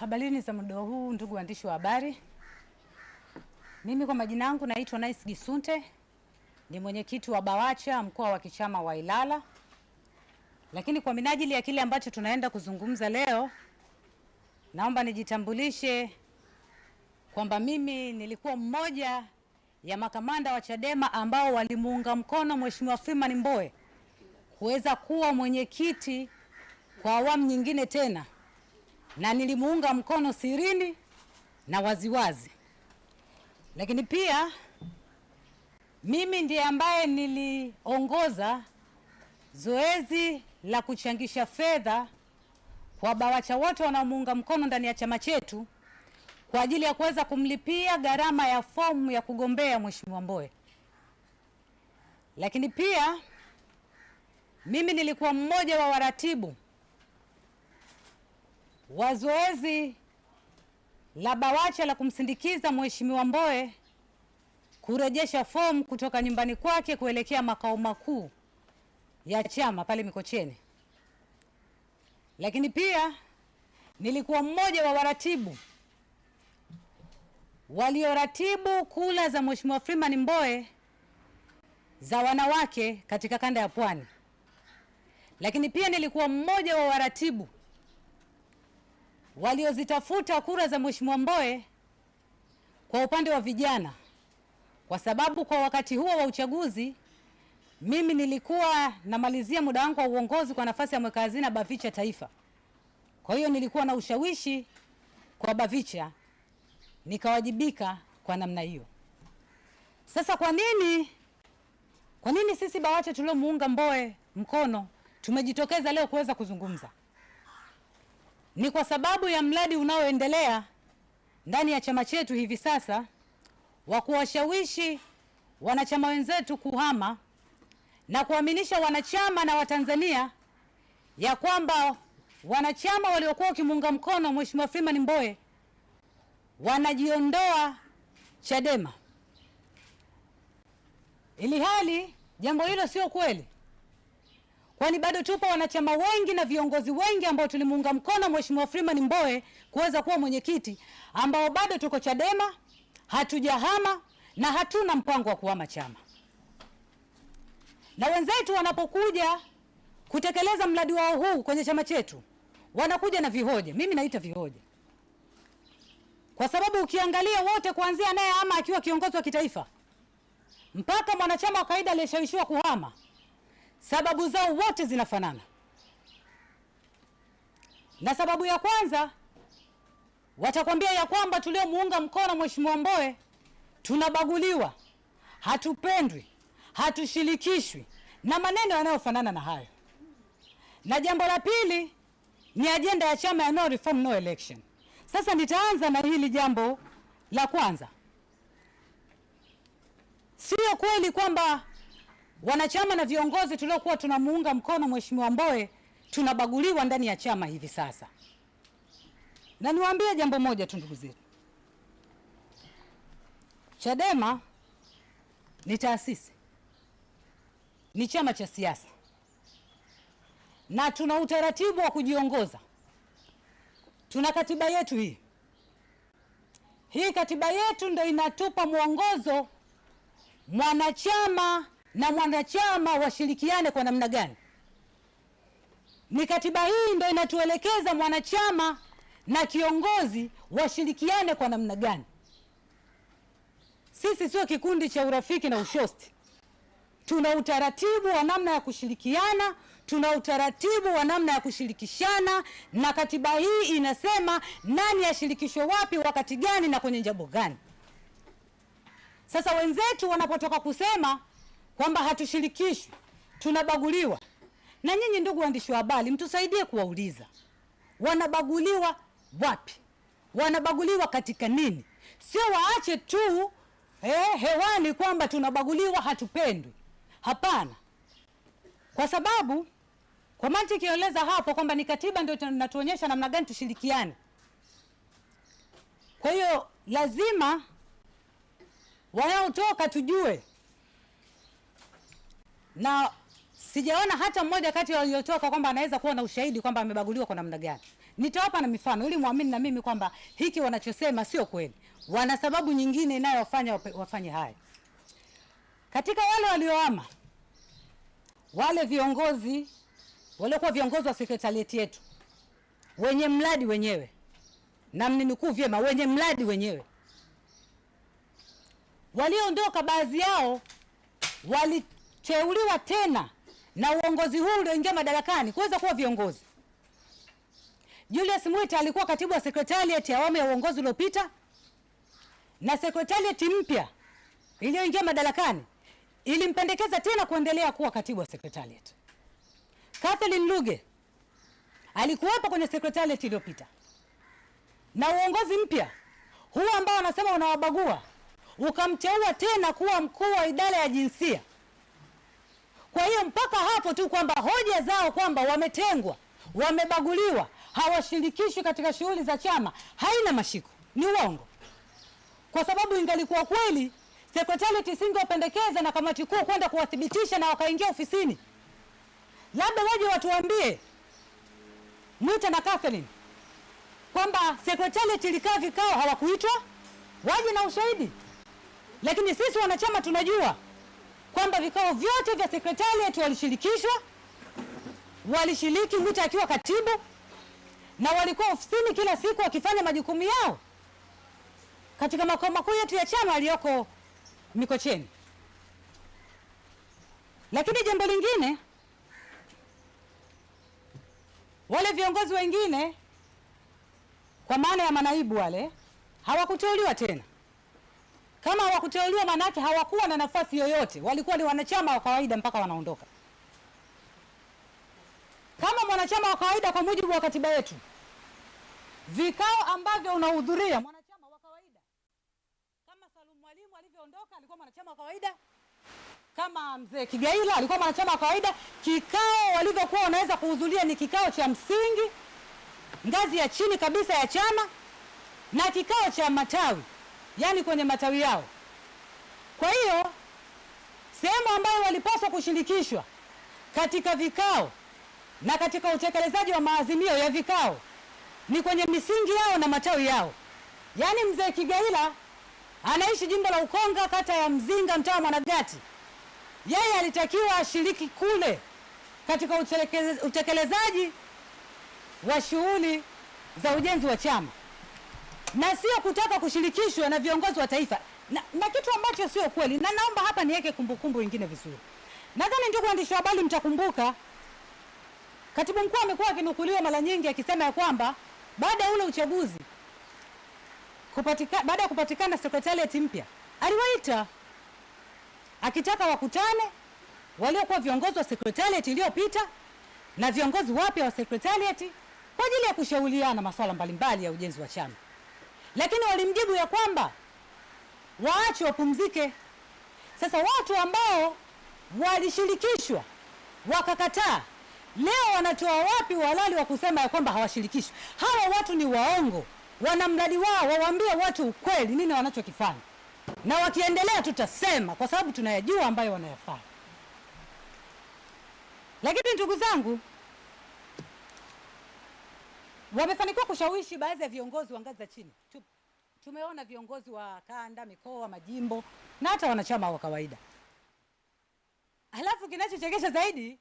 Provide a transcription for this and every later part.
Habarini za muda huu, ndugu waandishi wa habari. Mimi kwa majina yangu naitwa Nice Gisunte, ni mwenyekiti wa Bawacha mkoa wa kichama wa Ilala, lakini kwa minajili ya kile ambacho tunaenda kuzungumza leo, naomba nijitambulishe kwamba mimi nilikuwa mmoja ya makamanda wa Chadema ambao walimuunga mkono Mheshimiwa Freeman Mbowe kuweza kuwa mwenyekiti kwa awamu nyingine tena na nilimuunga mkono sirini na waziwazi, lakini pia mimi ndiye ambaye niliongoza zoezi la kuchangisha fedha kwa BAWACHA wote wanaomuunga mkono ndani ya chama chetu kwa ajili ya kuweza kumlipia gharama ya fomu ya kugombea Mheshimiwa Mbowe. Lakini pia mimi nilikuwa mmoja wa waratibu Wazoezi la BAWACHA la kumsindikiza Mheshimiwa Mbowe kurejesha fomu kutoka nyumbani kwake kuelekea makao makuu ya chama pale Mikocheni. Lakini pia nilikuwa mmoja wa waratibu walioratibu kula za Mheshimiwa Freeman Mbowe za wanawake katika kanda ya Pwani. Lakini pia nilikuwa mmoja wa waratibu waliozitafuta kura za Mheshimiwa Mbowe kwa upande wa vijana, kwa sababu kwa wakati huo wa uchaguzi mimi nilikuwa namalizia muda wangu wa uongozi kwa nafasi ya mweka hazina Bavicha Taifa. Kwa hiyo nilikuwa na ushawishi kwa Bavicha, nikawajibika kwa namna hiyo. Sasa kwa nini, kwa nini sisi BAWACHA tuliomuunga Mbowe mkono tumejitokeza leo kuweza kuzungumza? Ni kwa sababu ya mradi unaoendelea ndani ya chama chetu hivi sasa wa kuwashawishi wanachama wenzetu kuhama na kuaminisha wanachama na Watanzania ya kwamba wanachama waliokuwa wakimuunga mkono Mheshimiwa Freeman Mbowe wanajiondoa Chadema, ili hali jambo hilo sio kweli kwani bado tupo wanachama wengi na viongozi wengi ambao tulimuunga mkono Mheshimiwa Freeman Mbowe kuweza kuwa mwenyekiti ambao bado tuko Chadema, hatujahama na hatuna mpango wa kuhama chama. Na wenzetu wanapokuja kutekeleza mradi wao huu kwenye chama chetu wanakuja na vihoja, mimi naita vihoja, kwa sababu ukiangalia wote kuanzia naye ama akiwa kiongozi wa kitaifa mpaka mwanachama wa kawaida aliyeshawishiwa kuhama sababu zao wote zinafanana, na sababu ya kwanza watakwambia ya kwamba tuliomuunga mkono Mheshimiwa Mbowe tunabaguliwa, hatupendwi, hatushirikishwi na maneno yanayofanana na hayo. Na jambo la pili ni ajenda ya chama ya no reform no election. Sasa nitaanza na hili jambo la kwanza. Sio kweli kwamba wanachama na viongozi tuliokuwa tunamuunga mkono Mheshimiwa Mbowe tunabaguliwa ndani ya chama hivi sasa, na niwaambie jambo moja tu ndugu zetu, Chadema ni taasisi, ni chama cha siasa na tuna utaratibu wa kujiongoza. Tuna katiba yetu hii hii, katiba yetu ndio inatupa mwongozo mwanachama na mwanachama washirikiane kwa namna gani. Ni katiba hii ndio inatuelekeza mwanachama na kiongozi washirikiane kwa namna gani. Sisi sio kikundi cha urafiki na ushosti. Tuna utaratibu wa namna ya kushirikiana, tuna utaratibu wa namna ya kushirikishana, na katiba hii inasema nani ashirikishwe wapi, wakati gani na kwenye jambo gani. Sasa wenzetu wanapotoka kusema kwamba hatushirikishwi, tunabaguliwa. Na nyinyi ndugu waandishi wa habari, mtusaidie kuwauliza wanabaguliwa wapi? Wanabaguliwa katika nini? Sio waache tu eh, hewani kwamba tunabaguliwa, hatupendwi. Hapana, kwa sababu kwa mantiki ieleza hapo kwamba ni katiba ndio inatuonyesha namna gani tushirikiane. Kwa hiyo lazima wanaotoka tujue na sijaona hata mmoja kati ya waliotoka kwamba anaweza kuwa na ushahidi kwamba amebaguliwa kwa namna gani. Nitawapa na mifano ili muamini na mimi kwamba hiki wanachosema sio kweli, wana sababu nyingine inayowafanya wafanye haya. Katika wale walioama, wale viongozi waliokuwa viongozi wa sekretarieti yetu, wenye mradi wenyewe, na mninukuu vyema, wenye mradi wenyewe walioondoka, baadhi yao wali kuteuliwa tena na uongozi huu ulioingia madarakani kuweza kuwa viongozi. Julius Mwita alikuwa katibu wa sekretariat ya awamu ya uongozi uliopita, na sekretariat mpya iliyoingia madarakani ilimpendekeza tena kuendelea kuwa katibu wa sekretariat. Kathleen Luge alikuwepo kwenye sekretariat iliyopita, na uongozi mpya huu ambao wanasema unawabagua ukamteua tena kuwa mkuu wa idara ya jinsia kwa hiyo mpaka hapo tu kwamba hoja zao kwamba wametengwa, wamebaguliwa, hawashirikishwi katika shughuli za chama haina mashiko, ni uongo, kwa sababu ingalikuwa kweli sekretarieti isingewapendekeza na kamati kuu kwenda kuwathibitisha na wakaingia ofisini. Labda waje watuambie Mwita na Catherine kwamba sekretarieti ilikaa vikao, hawakuitwa, waje na ushahidi. Lakini sisi wanachama tunajua kwamba vikao vyote vya sekretarieti walishirikishwa, walishiriki Nguta akiwa katibu, na walikuwa ofisini kila siku wakifanya majukumu yao katika makao makuu yetu ya chama yaliyoko Mikocheni. Lakini jambo lingine, wale viongozi wengine kwa maana ya manaibu wale hawakuteuliwa tena. Kama hawakuteuliwa maana hawakuwa na nafasi yoyote, walikuwa ni wanachama wa kawaida mpaka wanaondoka. Kama mwanachama wa kawaida kwa mujibu wa katiba yetu, vikao ambavyo unahudhuria mwanachama wa kawaida, kama Salum Mwalimu alivyoondoka alikuwa mwanachama wa kawaida, kama mzee Kigaila alikuwa mwanachama wa kawaida. Kikao walivyokuwa wanaweza kuhudhuria ni kikao cha msingi, ngazi ya chini kabisa ya chama na kikao cha matawi yani kwenye matawi yao. Kwa hiyo sehemu ambayo walipaswa kushirikishwa katika vikao na katika utekelezaji wa maazimio ya vikao ni kwenye misingi yao na matawi yao. Yaani mzee Kigaila anaishi jimbo la Ukonga, kata ya Mzinga, mtaa wa Mwanagati. Yeye alitakiwa ashiriki kule katika utekelezaji wa shughuli za ujenzi wa chama na sio kutaka kushirikishwa na viongozi wa taifa na, na kitu ambacho sio kweli, na naomba hapa niweke kumbukumbu nyingine vizuri. Nadhani ndugu waandishi wa habari, mtakumbuka katibu mkuu amekuwa akinukuliwa mara nyingi akisema ya kwamba baada ya ule uchaguzi kupatika, baada ya kupatikana sekretarieti mpya aliwaita akitaka wakutane waliokuwa viongozi wa sekretarieti iliyopita na viongozi wapya wa sekretarieti kwa ajili ya kushauriana masuala mbalimbali ya ujenzi wa chama lakini walimjibu ya kwamba waache wapumzike. Sasa watu ambao walishirikishwa wakakataa, leo wanatoa wapi uhalali wa kusema ya kwamba hawashirikishwi? Hawa watu ni waongo, wana mradi wao, wawaambie watu ukweli nini wanachokifanya, na wakiendelea tutasema, kwa sababu tunayajua ambayo wanayafanya. Lakini ndugu zangu, wamefanikiwa kushawishi baadhi ya viongozi wa ngazi za chini Tup Tumeona viongozi wa kanda, mikoa, majimbo na hata wanachama wa kawaida. Halafu kinachochekesha zaidi,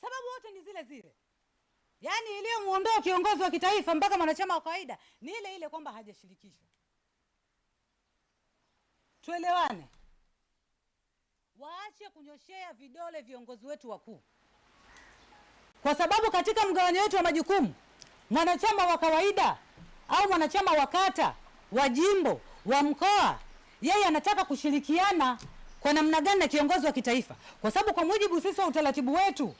sababu wote ni zile zile, yaani iliyomwondoa kiongozi wa kitaifa mpaka mwanachama wa kawaida ni ile ile, kwamba hajashirikishwa. Tuelewane, waache kunyoshea vidole viongozi wetu wakuu, kwa sababu katika mgawanyo wetu wa majukumu mwanachama wa kawaida au mwanachama wa kata wa jimbo, wa mkoa, yeye anataka kushirikiana kwa namna gani na kiongozi wa kitaifa, kwa sababu kwa mujibu sisi wa utaratibu wetu,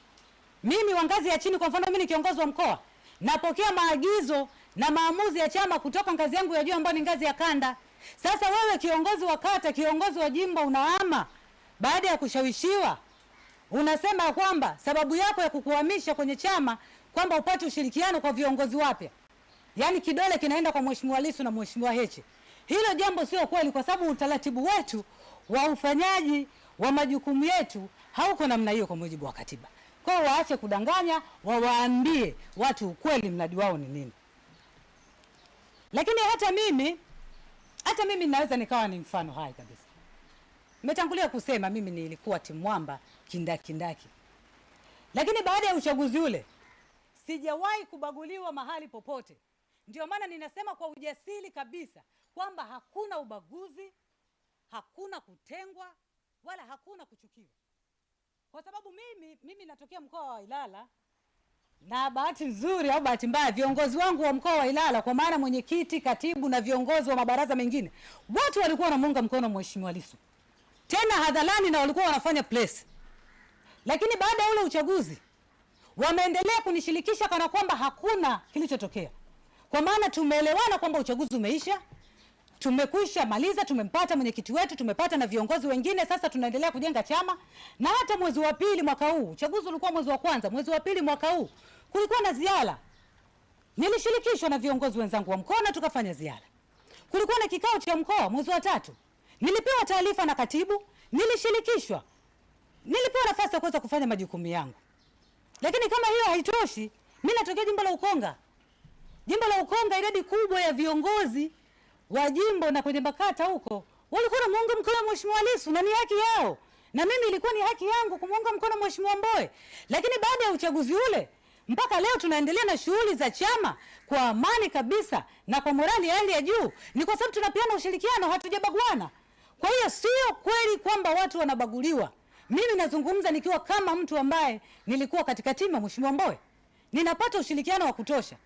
mimi wa ngazi ya chini, kwa mfano mimi ni kiongozi wa mkoa, napokea maagizo na maamuzi ya chama kutoka ngazi yangu ya juu ambayo ni ngazi ya kanda. Sasa wewe kiongozi wa kata, kiongozi wa jimbo, unaama baada ya kushawishiwa, unasema kwamba sababu yako ya kukuhamisha kwenye chama kwamba upate ushirikiano kwa viongozi wapya yaani kidole kinaenda kwa Mheshimiwa Lissu na Mheshimiwa Heche. Hilo jambo sio kweli, kwa sababu utaratibu wetu wa ufanyaji wa majukumu yetu hauko namna hiyo kwa mujibu wa katiba. Kwa hiyo waache kudanganya, wawaambie watu ukweli, mradi wao ni nini. Lakini hata mimi hata mimi naweza nikawa ni mfano hai kabisa. Nimetangulia kusema mimi nilikuwa timwamba kindakindaki, lakini baada ya uchaguzi ule sijawahi kubaguliwa mahali popote. Ndio maana ninasema kwa ujasiri kabisa kwamba hakuna ubaguzi, hakuna kutengwa, wala hakuna kuchukiwa, kwa sababu mimi mimi natokea mkoa wa Ilala na bahati nzuri au bahati mbaya, viongozi wangu wa mkoa wa Ilala kwa maana mwenyekiti, katibu na viongozi wa mabaraza mengine, watu walikuwa wanamuunga mkono Mheshimiwa Lissu tena hadharani, na walikuwa wanafanya press. Lakini baada ya ule uchaguzi wameendelea kunishirikisha kana kwamba hakuna kilichotokea. Kwa maana tumeelewana kwamba uchaguzi umeisha, tumekwisha maliza, tumempata mwenyekiti wetu, tumepata na viongozi wengine. Sasa tunaendelea kujenga chama, na hata mwezi wa pili mwaka huu, uchaguzi ulikuwa mwezi wa kwanza, mwezi wa pili mwaka huu kulikuwa na ziara, nilishirikishwa na viongozi wenzangu wa mkoa na tukafanya ziara. Kulikuwa na kikao cha mkoa mwezi wa tatu, nilipewa taarifa na katibu, nilishirikishwa, nilipewa nafasi ya kuweza kufanya majukumu yangu. Lakini kama hiyo haitoshi, mimi natokea jimbo la Ukonga Jimbo la Ukonga, idadi kubwa ya viongozi wa jimbo na kwenye BAKATA huko walikuwa na muunga mkono Mheshimiwa Lissu na ni haki yao, na mimi ilikuwa ni haki yangu kumuunga mkono Mheshimiwa Mbowe, lakini baada ya uchaguzi ule mpaka leo tunaendelea na shughuli za chama kwa amani kabisa na kwa morali ya hali ya juu, ni kwa sababu tunapeana ushirikiano, hatujabaguana. Kwa hiyo sio kweli kwamba watu wanabaguliwa. Mimi nazungumza nikiwa kama mtu ambaye nilikuwa katika timu ya Mheshimiwa Mbowe, ninapata ushirikiano wa kutosha.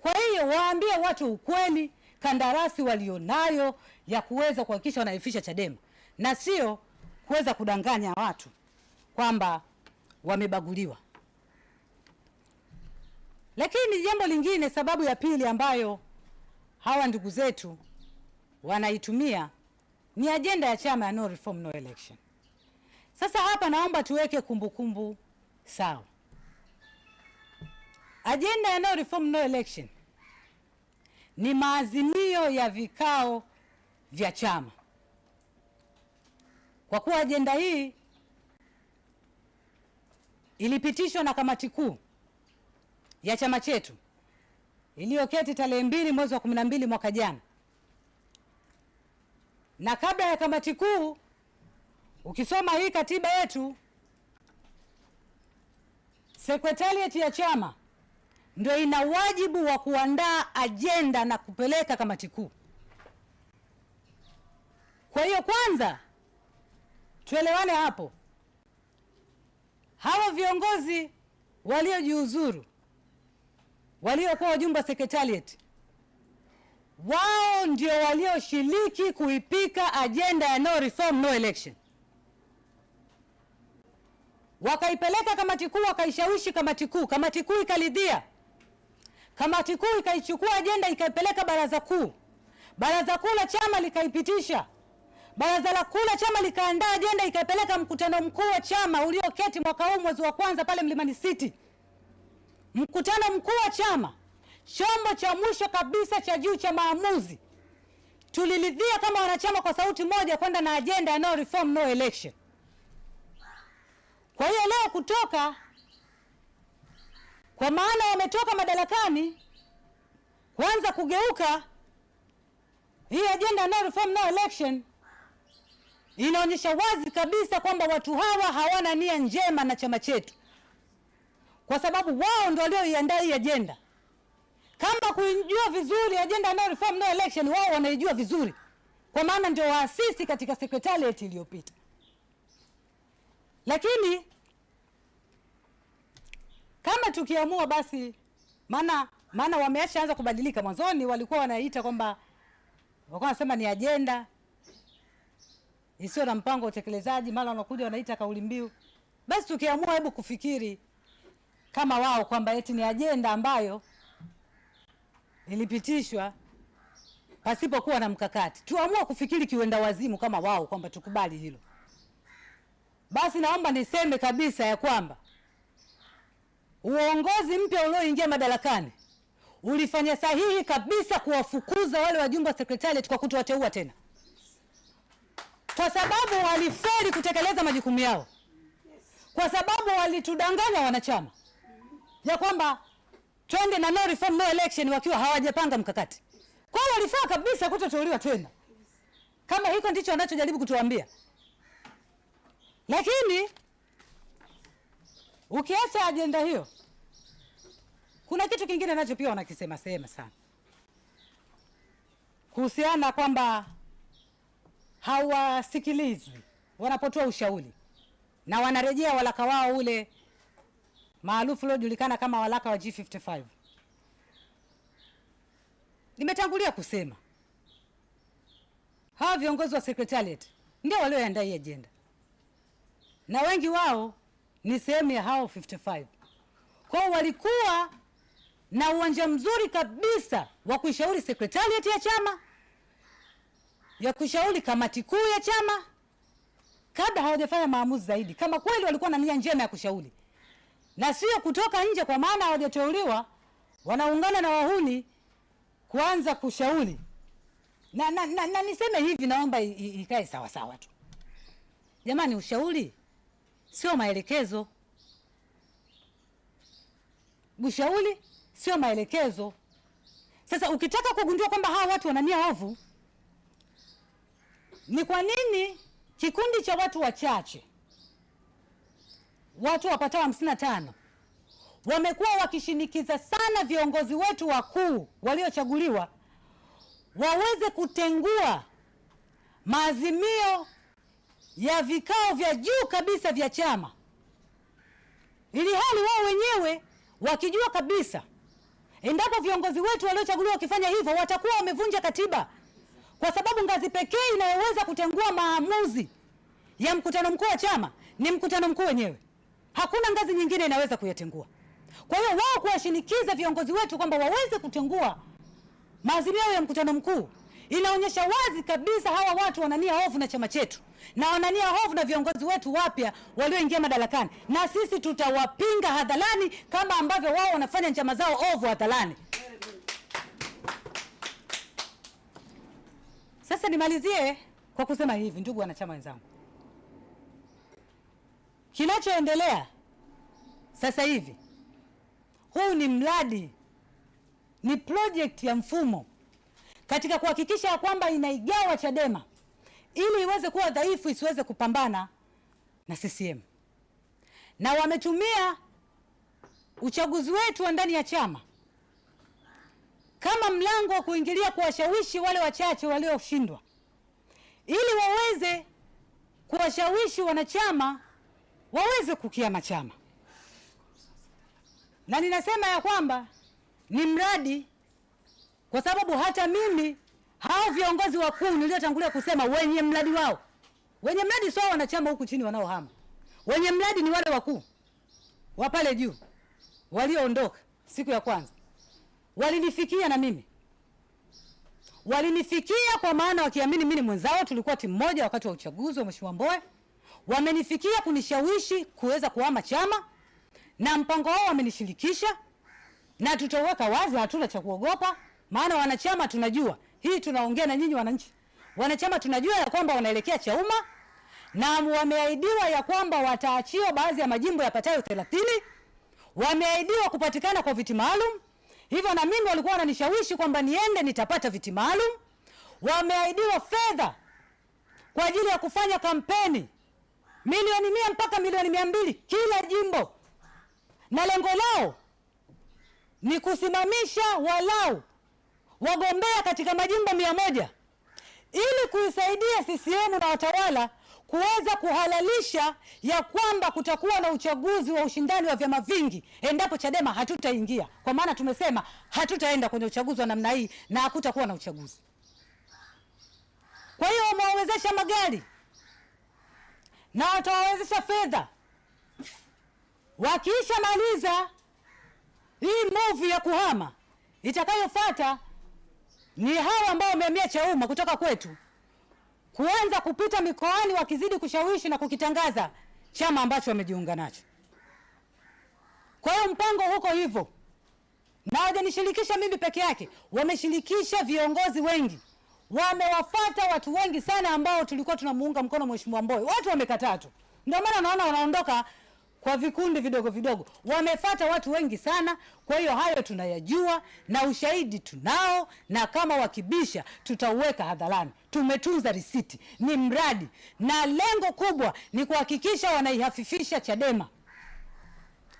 Kwa hiyo waambie watu ukweli, kandarasi walionayo ya kuweza kuhakikisha wanaifisha Chadema na sio kuweza kudanganya watu kwamba wamebaguliwa. Lakini jambo lingine, sababu ya pili ambayo hawa ndugu zetu wanaitumia ni ajenda ya chama ya no reform no election. Sasa hapa naomba tuweke kumbukumbu sawa. Ajenda ya no reform no election ni maazimio ya vikao vya chama. Kwa kuwa ajenda hii ilipitishwa na kamati kuu ya chama chetu iliyoketi tarehe mbili mwezi wa 12 mwaka jana, na kabla ya kamati kuu, ukisoma hii katiba yetu, sekretarieti ya chama ndio ina wajibu wa kuandaa ajenda na kupeleka kamati kuu. Kwa hiyo kwanza tuelewane hapo, hawa viongozi waliojiuzuru waliokuwa wajumba sekretariat, wao ndio walioshiriki kuipika ajenda ya no reform no election, wakaipeleka kamati kuu, wakaishawishi kamati kuu, kamati kuu ikaridhia. Kamati kuu ikaichukua ajenda ikaipeleka baraza kuu, baraza kuu la chama likaipitisha, baraza la kuu la chama likaandaa ajenda ikaipeleka mkutano mkuu wa chama ulioketi mwaka huu mwezi wa kwanza pale Mlimani City. Mkutano mkuu wa chama, chombo cha mwisho kabisa cha juu cha maamuzi, tuliridhia kama wanachama kwa sauti moja kwenda na ajenda ya no reform no election. Kwa hiyo leo kutoka kwa maana wametoka madarakani kuanza kugeuka hii ajenda no reform no election inaonyesha wazi kabisa kwamba watu hawa hawana nia njema na chama chetu, kwa sababu wao ndio walioiandaa hii ajenda. Kama kuijua vizuri ajenda no reform no election, wao wanaijua vizuri, kwa maana ndio waasisi katika sekretariat iliyopita, lakini kama tukiamua basi, maana maana wameshaanza kubadilika. Mwanzoni walikuwa wanaita kwamba walikuwa wanasema ni ajenda isiyo na mpango wa utekelezaji, mara wanakuja wanaita kauli mbiu. Basi tukiamua, hebu kufikiri kama wao kwamba eti ni ajenda ambayo ilipitishwa pasipokuwa na mkakati. Tuamua kufikiri kiwenda wazimu kama wao kwamba tukubali hilo. Basi naomba niseme kabisa ya kwamba Uongozi mpya ulioingia madarakani ulifanya sahihi kabisa kuwafukuza wale wajumbe wa sekretariat kwa kutowateua tena, kwa sababu walifeli kutekeleza majukumu yao, kwa sababu walitudanganya wanachama ya kwamba twende na no reform no election wakiwa hawajapanga mkakati. Kwa hiyo walifaa kabisa kutoteuliwa tena, kama hiko ndicho wanachojaribu kutuambia, lakini Ukiacha ajenda hiyo, kuna kitu kingine nacho pia wanakisema sema sana kuhusiana kwamba hawasikilizwi wanapotoa ushauri na wanarejea walaka wao ule maarufu uliojulikana kama walaka wa G55. Nimetangulia kusema hawa viongozi wa secretariat ndio walioandaa hii ajenda na wengi wao ni sehemu ya hao 55 kwao, walikuwa na uwanja mzuri kabisa wa kuishauri sekretariati ya chama, ya kushauri kamati kuu ya chama kabla hawajafanya maamuzi zaidi, kama kweli walikuwa na nia njema ya kushauri, na sio kutoka nje, kwa maana hawajateuliwa wanaungana na wahuni kuanza kushauri. Na, na, na, na niseme hivi, naomba ikae sawa tu jamani, ushauri sio maelekezo. Ushauri sio maelekezo. Sasa ukitaka kugundua kwamba hawa watu wana nia ovu, ni kwa nini kikundi cha watu wachache, watu wapatao hamsini na tano wamekuwa wakishinikiza sana viongozi wetu wakuu waliochaguliwa waweze kutengua maazimio ya vikao vya juu kabisa vya chama, ili hali wao wenyewe wakijua kabisa endapo viongozi wetu waliochaguliwa wakifanya hivyo watakuwa wamevunja katiba, kwa sababu ngazi pekee inayoweza kutengua maamuzi ya mkutano mkuu wa chama ni mkutano mkuu wenyewe. Hakuna ngazi nyingine inaweza kuyatengua. Kwa hiyo wao kuwashinikiza viongozi wetu kwamba waweze kutengua maazimio ya mkutano mkuu inaonyesha wazi kabisa hawa watu wanania hofu na chama chetu na wanania hofu na viongozi wetu wapya walioingia madarakani, na sisi tutawapinga hadharani kama ambavyo wao wanafanya njama zao ovu hadharani. Sasa nimalizie kwa kusema hivi, ndugu wanachama wenzangu, kinachoendelea sasa hivi, huu ni mradi, ni project ya mfumo katika kuhakikisha ya kwamba inaigawa Chadema ili iweze kuwa dhaifu isiweze kupambana na CCM, na wametumia uchaguzi wetu wa ndani ya chama kama mlango wa kuingilia kuwashawishi wale wachache walioshindwa ili waweze kuwashawishi wanachama waweze kukiama chama, na ninasema ya kwamba ni mradi kwa sababu hata mimi hao viongozi wakuu niliotangulia kusema wenye mradi wao, wenye mradi sio wanachama huku chini wanaohama, wenye mradi ni wale wakuu wa pale juu walioondoka siku ya kwanza walinifikia na mimi walinifikia kwa maana wakiamini mimi ni mwenzao. Tulikuwa timu moja wakati wa uchaguzi wa Mheshimiwa Mbowe, wamenifikia kunishawishi kuweza kuhama chama, na mpango wao wamenishirikisha, na tutaweka wazi, hatuna cha kuogopa. Maana wanachama tunajua hii, tunaongea na nyinyi wananchi, wanachama tunajua ya kwamba wanaelekea Chauma na wameahidiwa ya kwamba wataachiwa baadhi ya majimbo yapatayo 30 Wameahidiwa kupatikana kwa viti maalum, hivyo na mimi walikuwa wananishawishi kwamba niende nitapata viti maalum. Wameahidiwa fedha kwa ajili ya kufanya kampeni milioni mia mpaka milioni mia mbili kila jimbo, na lengo lao ni kusimamisha walau wagombea katika majimbo mia moja ili kuisaidia CCM na watawala kuweza kuhalalisha ya kwamba kutakuwa na uchaguzi wa ushindani wa vyama vingi endapo Chadema hatutaingia, kwa maana tumesema hatutaenda kwenye uchaguzi wa namna hii na hakutakuwa na uchaguzi. Kwa hiyo wamewawezesha magari na watawawezesha fedha. maliza hii movu ya kuhama itakayofuata ni hawa ambao wamehamia Chauma kutoka kwetu kuanza kupita mikoani wakizidi kushawishi na kukitangaza chama ambacho wamejiunga nacho. Kwa hiyo mpango huko hivyo, na hawajanishirikisha mimi peke yake, wameshirikisha viongozi wengi, wamewafata watu wengi sana ambao tulikuwa tunamuunga mkono Mheshimiwa Mbowe, watu wamekataa tu, ndio maana naona wanaondoka kwa vikundi vidogo vidogo, wamefata watu wengi sana. Kwa hiyo hayo tunayajua na ushahidi tunao, na kama wakibisha tutauweka hadharani. Tumetunza risiti, ni mradi na lengo kubwa ni kuhakikisha wanaihafifisha Chadema.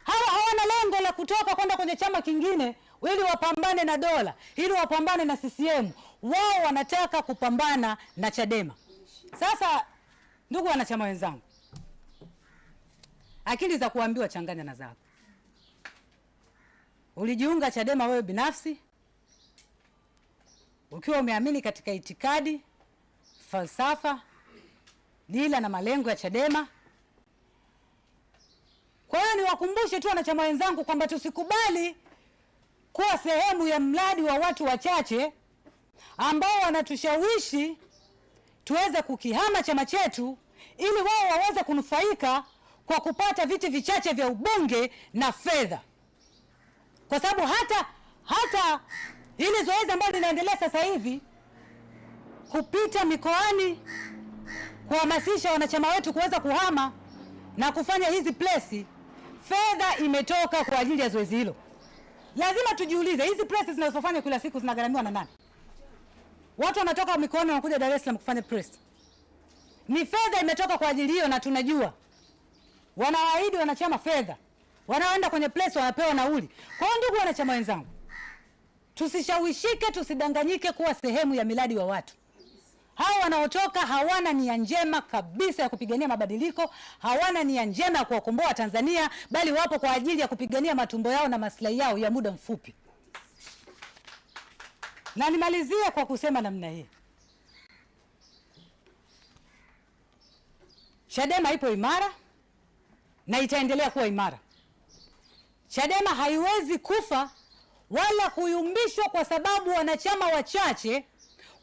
Hawa hawana lengo la kutoka kwenda kwenye chama kingine ili wapambane na dola, ili wapambane na CCM. Wao wanataka kupambana na Chadema. Sasa ndugu wanachama wenzangu Akili za kuambiwa changanya na zako. Ulijiunga Chadema wewe binafsi ukiwa umeamini katika itikadi, falsafa, dira na malengo ya Chadema. Kwa hiyo niwakumbushe tu wanachama wenzangu kwamba tusikubali kuwa sehemu ya mradi wa watu wachache ambao wanatushawishi tuweze kukihama chama chetu ili wao waweze kunufaika kwa kupata viti vichache vya ubunge na fedha, kwa sababu hata hata ile zoezi ambalo linaendelea sasa hivi kupita mikoani kuhamasisha wanachama wetu kuweza kuhama na kufanya hizi plesi, fedha imetoka kwa ajili ya zoezi hilo. Lazima tujiulize, hizi plesi zinazofanya kila siku zinagharamiwa na nani? Watu wanatoka mikoani wanakuja Dar es Salaam kufanya press, ni fedha imetoka kwa ajili hiyo, na tunajua wanawaahidi wanachama fedha, wanaenda kwenye place wanapewa nauli. Kwa hiyo ndugu wanachama wenzangu, tusishawishike, tusidanganyike kuwa sehemu ya miradi wa watu hao wanaotoka hawana nia njema kabisa ya kupigania mabadiliko, hawana nia njema ya kuwakomboa Tanzania, bali wapo kwa ajili ya kupigania matumbo yao na maslahi yao ya muda mfupi. Na nimalizie kwa kusema namna hii, Chadema ipo imara na itaendelea kuwa imara. Chadema haiwezi kufa wala kuyumbishwa kwa sababu wanachama wachache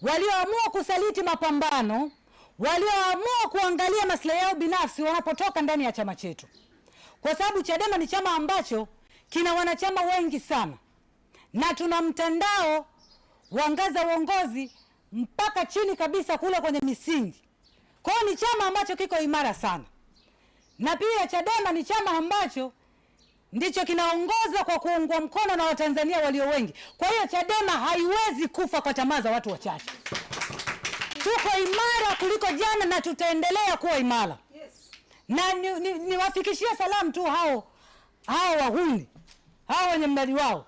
walioamua kusaliti mapambano, walioamua kuangalia maslahi yao binafsi wanapotoka ndani ya chama chetu, kwa sababu Chadema ni chama ambacho kina wanachama wengi sana, na tuna mtandao wa ngazi uongozi mpaka chini kabisa kule kwenye misingi. Kwa hiyo ni chama ambacho kiko imara sana na pia Chadema ni chama ambacho ndicho kinaongoza kwa kuungwa mkono na Watanzania walio wengi. Kwa hiyo Chadema haiwezi kufa kwa tamaa za watu wachache. Tuko imara kuliko jana na tutaendelea kuwa imara. Na niwafikishie ni, ni salamu tu hao hao wahuni hao wenye mradi wao,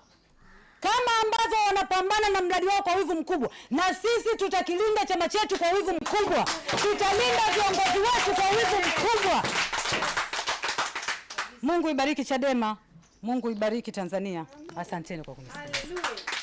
kama ambavyo wanapambana na mradi wao kwa wivu mkubwa, na sisi tutakilinda chama chetu kwa wivu mkubwa, tutalinda viongozi wetu kwa wivu mkubwa. Mungu ibariki Chadema, Mungu ibariki Tanzania. Asanteni kwa kunisikiliza.